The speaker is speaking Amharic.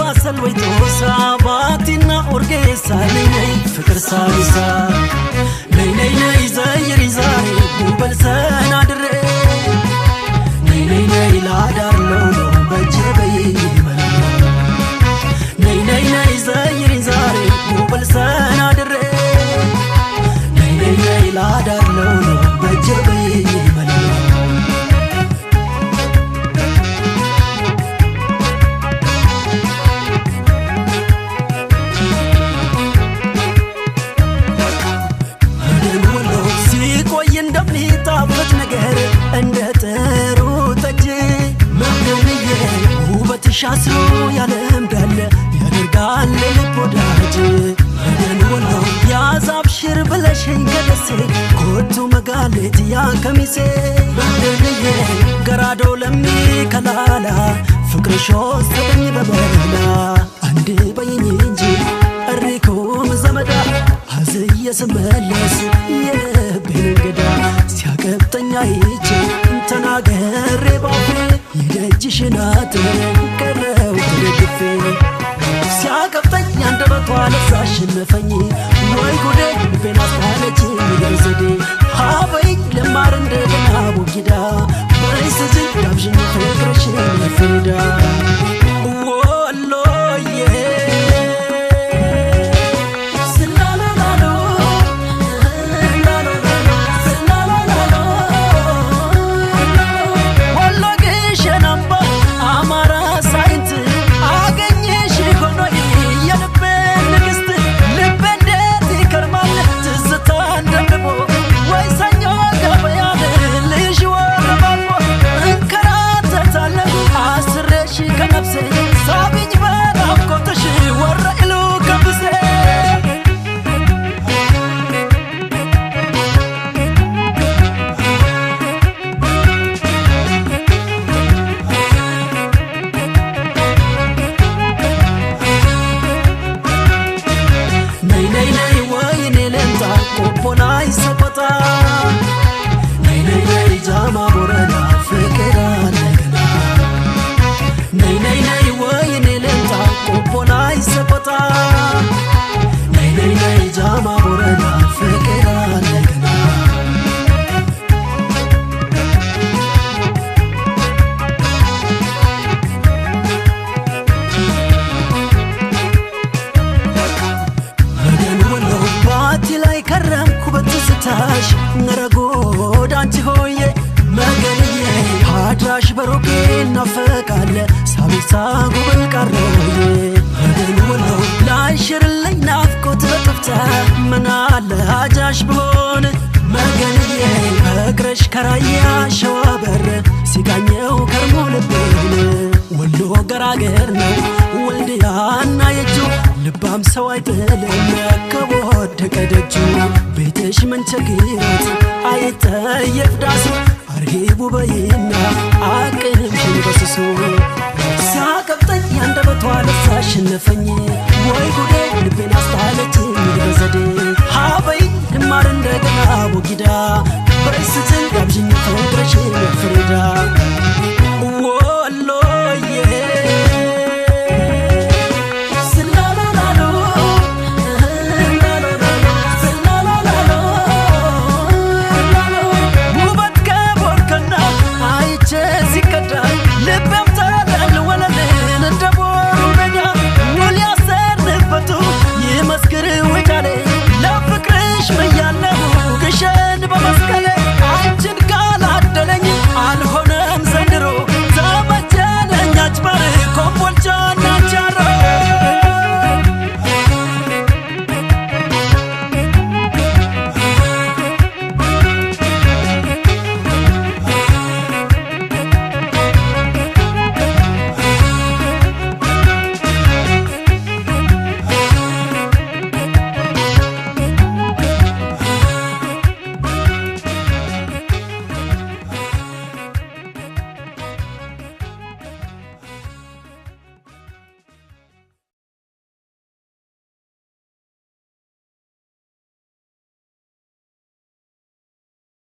baasan waytuusaa baatinna orgeessaa naynay ፍቅር ሳቢሳ ነይነይነይዛ የሪዛ ጉበልሰን አድሬ galase kootu magaaleetti yaakamise baadheeyyee garaa doolamee kalaala fikri shoo sabni babalala andee bayyinyi inji arriikuum ዘመዳ አዝየ ስመለስ የልቤን እንግዳ ሲያቀብጠኛ ሂጄ ተናገሬ ባፌ የደጅሽን አጥር ቀረው ተደግፌ አሸነፈኝ ወይ ጉዴ ልቤን አስታለችኝ መረጎድ አንቺ ሆዬ መገንዬ አዳሽ በሮቄ እናፈቃለ ሳቢሳ ጉብል ቀረዬ መገን ወለው ላይሽርልኝ ናፍቆት በጥፍተ ምናለ አጃሽ ብሆን መገንዬ እግረሽ ከራያ ሸዋ በር ሲጋኘው ከርሞ ልቤን ወሎ ገራገር ነው ወልድያና የጁ ልባም ሰው አይጥልም ከወደቀ ደጁ ቤትሽ መንቸግ ሲጠየፍ ዳሱ አርሂቡ በይና አቅም በስሱ ሲያቀብጠኝ አንደበቷ ለብሳ አሸነፈኝ ወይ ጉዴ ልቤና